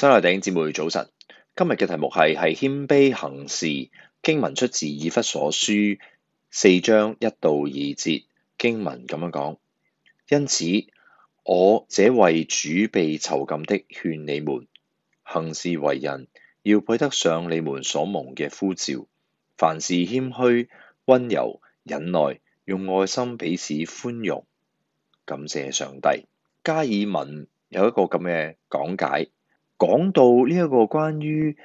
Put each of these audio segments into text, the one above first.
新來頂姊妹早晨，今日嘅題目係係謙卑行事，經文出自以弗所書四章一到二節，經文咁樣講。因此，我這為主被囚禁的，勸你們行事為人，要配得上你們所蒙嘅呼召。凡事謙虛、溫柔、忍耐，用愛心彼此寬容，感謝上帝。加爾文有一個咁嘅講解。講到呢一個關於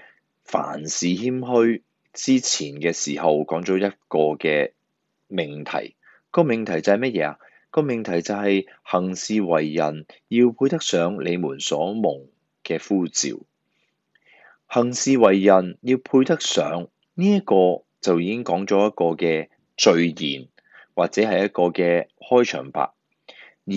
凡事謙虛之前嘅時候，講咗一個嘅命題。個命題就係乜嘢啊？個命題就係行事為人要配得上你們所蒙嘅呼召。行事為人要配得上呢一個，就已經講咗一個嘅序言，或者係一個嘅開場白。而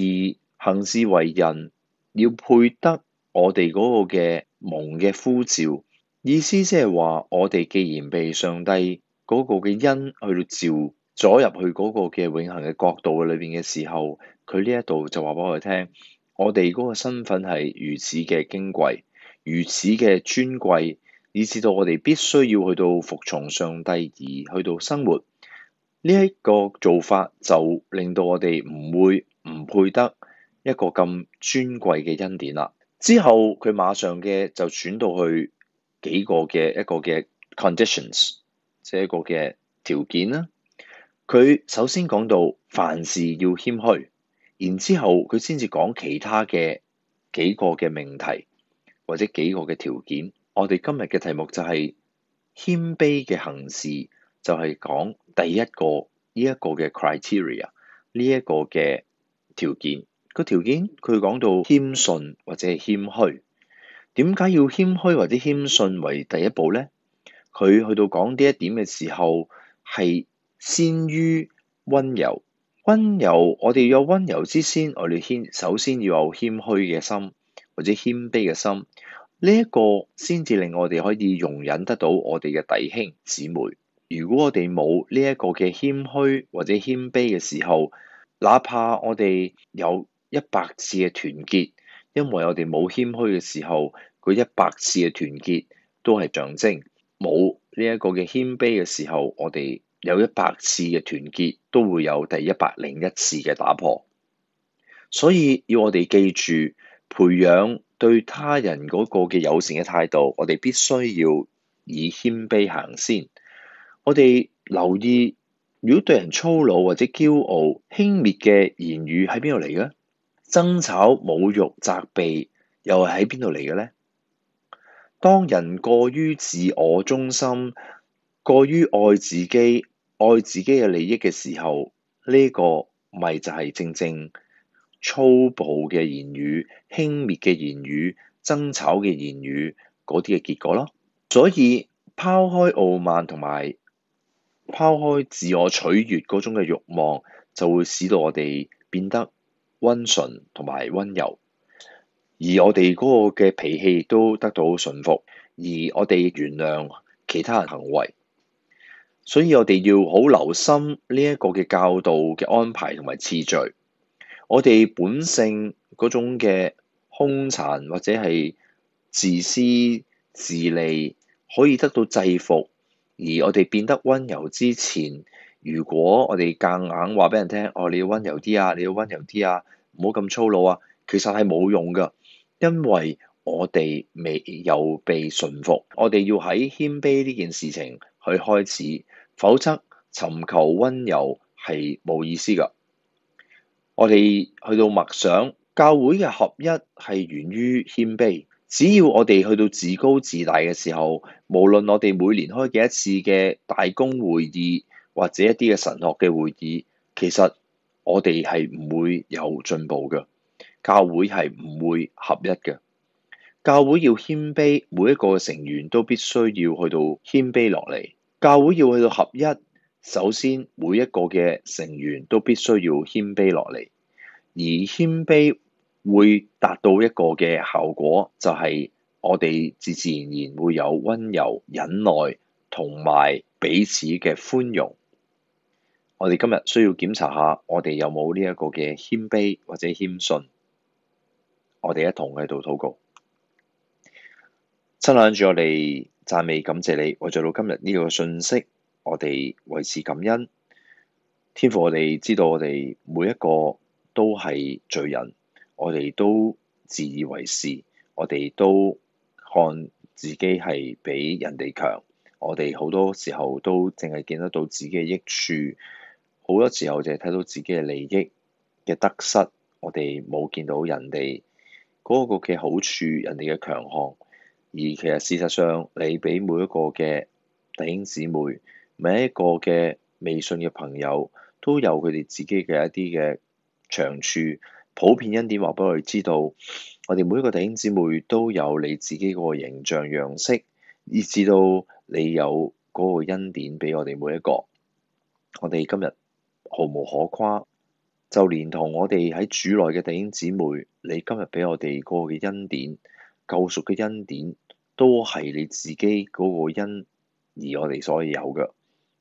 行事為人要配得。我哋嗰個嘅蒙嘅呼召，意思即係話，我哋既然被上帝嗰個嘅恩去到召咗入去嗰個嘅永恒嘅國度裏邊嘅時候，佢呢一度就話俾我哋聽，我哋嗰個身份係如此嘅矜貴、如此嘅尊貴，以至到我哋必須要去到服從上帝而去到生活呢一個做法，就令到我哋唔會唔配得一個咁尊貴嘅恩典啦。之後，佢馬上嘅就轉到去幾個嘅一個嘅 conditions，即係一個嘅條件啦。佢首先講到凡事要謙虛，然之後佢先至講其他嘅幾個嘅命題或者幾個嘅條件。我哋今日嘅題目就係謙卑嘅行事，就係講第一個呢一個嘅 criteria 呢一個嘅條件。個條件，佢講到謙遜或者係謙虛，點解要謙虛或者謙遜為第一步呢？佢去到講呢一點嘅時候，係先於溫柔。溫柔，我哋有溫柔之先，我哋謙首先要有謙虛嘅心或者謙卑嘅心。呢一個先至令我哋可以容忍得到我哋嘅弟兄姊妹。如果我哋冇呢一個嘅謙虛或者謙卑嘅時候，哪怕我哋有。一百次嘅團結，因為我哋冇謙虛嘅時候，佢一百次嘅團結都係象徵。冇呢一個嘅謙卑嘅時候，我哋有一百次嘅團結，都會有第一百零一次嘅打破。所以要我哋記住，培養對他人嗰個嘅友善嘅態度，我哋必須要以謙卑行先。我哋留意，如果對人粗魯或者驕傲輕蔑嘅言語喺邊度嚟嘅？爭吵、侮辱、責備，又係喺邊度嚟嘅呢？當人過於自我中心，過於愛自己、愛自己嘅利益嘅時候，呢個咪就係正正粗暴嘅言語、輕蔑嘅言語、爭吵嘅言語嗰啲嘅結果咯。所以拋開傲慢同埋拋開自我取悅嗰種嘅慾望，就會使到我哋變得溫順同埋溫柔，而我哋嗰個嘅脾氣都得到馴服，而我哋原諒其他人行為，所以我哋要好留心呢一個嘅教導嘅安排同埋次序，我哋本性嗰種嘅兇殘或者係自私自利可以得到制服，而我哋變得溫柔之前。如果我哋夾硬話俾人聽，哦，你要温柔啲啊，你要温柔啲啊，唔好咁粗魯啊，其實係冇用噶，因為我哋未有被馴服，我哋要喺謙卑呢件事情去開始，否則尋求温柔係冇意思噶。我哋去到默想教會嘅合一係源於謙卑，只要我哋去到自高自大嘅時候，無論我哋每年開幾多次嘅大公會議。或者一啲嘅神學嘅會議，其實我哋係唔會有進步嘅，教會係唔會合一嘅。教會要謙卑，每一個成員都必須要去到謙卑落嚟。教會要去到合一，首先每一個嘅成員都必須要謙卑落嚟，而謙卑會達到一個嘅效果，就係我哋自自然然會有溫柔、忍耐同埋彼此嘅寬容。我哋今日需要檢查下，我哋有冇呢一個嘅謙卑或者謙遜？我哋一同喺度禱告，親眼住我哋讚美感謝你。我做到今日呢個信息，我哋為此感恩。天父，我哋知道我哋每一個都係罪人，我哋都自以為是，我哋都看自己係比人哋強，我哋好多時候都淨係見得到自己嘅益處。好多時候就係睇到自己嘅利益嘅得失，我哋冇見到人哋嗰個嘅好處，人哋嘅強項。而其實事實上，你俾每一個嘅弟兄姊妹，每一個嘅微信嘅朋友，都有佢哋自己嘅一啲嘅長處。普遍恩典話俾我哋知道，我哋每一個弟兄姊妹都有你自己嗰個形象樣式，以至到你有嗰個恩典俾我哋每一個。我哋今日，毫無可誇，就連同我哋喺主內嘅弟兄姊妹，你今日俾我哋嗰個嘅恩典、救贖嘅恩典，都係你自己嗰個恩，而我哋所有嘅。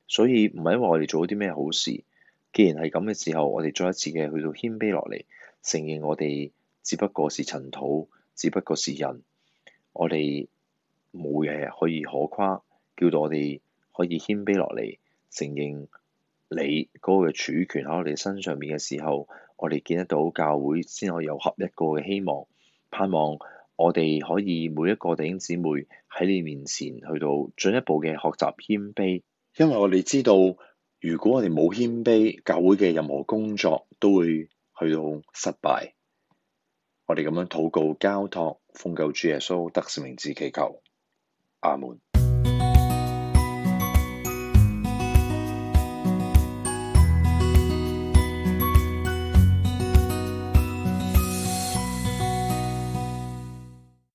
所以唔係因為我哋做咗啲咩好事，既然係咁嘅時候，我哋再一次嘅去到謙卑落嚟，承認我哋只不過是塵土，只不過是人，我哋冇嘢可以可誇，叫到我哋可以謙卑落嚟承認。你嗰個嘅主權喺我哋身上面嘅時候，我哋見得到教會先可以有合一個嘅希望，盼望我哋可以每一個弟兄姊妹喺你面前去到進一步嘅學習謙卑，因為我哋知道，如果我哋冇謙卑，教會嘅任何工作都會去到失敗。我哋咁樣禱告交託，奉救主耶穌得勝名字祈求，阿門。